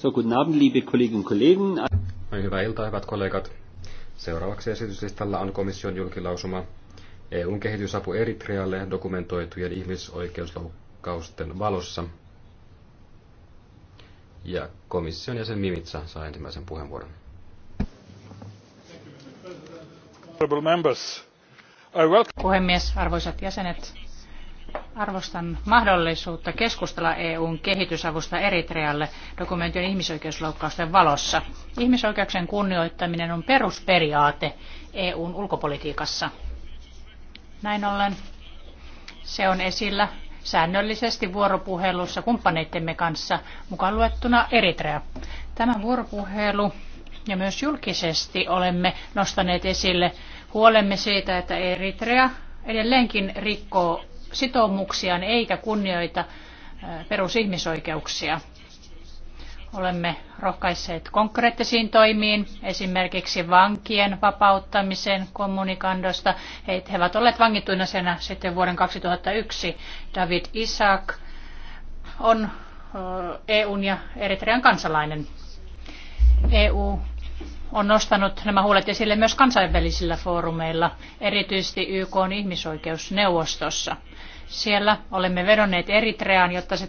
So, guten Abend, liebe Kolleginnen und Kollegen. Hyvää iltaa, hyvät kollegat. Seuraavaksi esityslistalla on komission julkilausuma EUn kehitysapu Eritrealle dokumentoitujen ihmisoikeusloukkausten valossa. Ja komission jäsen Mimitsa saa ensimmäisen puheenvuoron. Puhemies, arvoisat jäsenet, Arvostan mahdollisuutta keskustella EUn kehitysavusta Eritrealle dokumentin ihmisoikeusloukkausten valossa. Ihmisoikeuksien kunnioittaminen on perusperiaate EUn ulkopolitiikassa. Näin ollen se on esillä säännöllisesti vuoropuhelussa kumppaneittemme kanssa, mukaan luettuna Eritrea. Tämä vuoropuhelu ja myös julkisesti olemme nostaneet esille huolemme siitä, että Eritrea edelleenkin rikkoo sitoumuksiaan eikä kunnioita perusihmisoikeuksia. Olemme rohkaisseet konkreettisiin toimiin, esimerkiksi vankien vapauttamiseen kommunikandosta. He, he ovat olleet vangittuina senä sitten vuoden 2001. David Isaac on EUn ja Eritrean kansalainen. EU on nostanut nämä huolet esille myös kansainvälisillä foorumeilla, erityisesti YK ihmisoikeusneuvostossa. Siellä olemme vedonneet Eritreaan, jotta se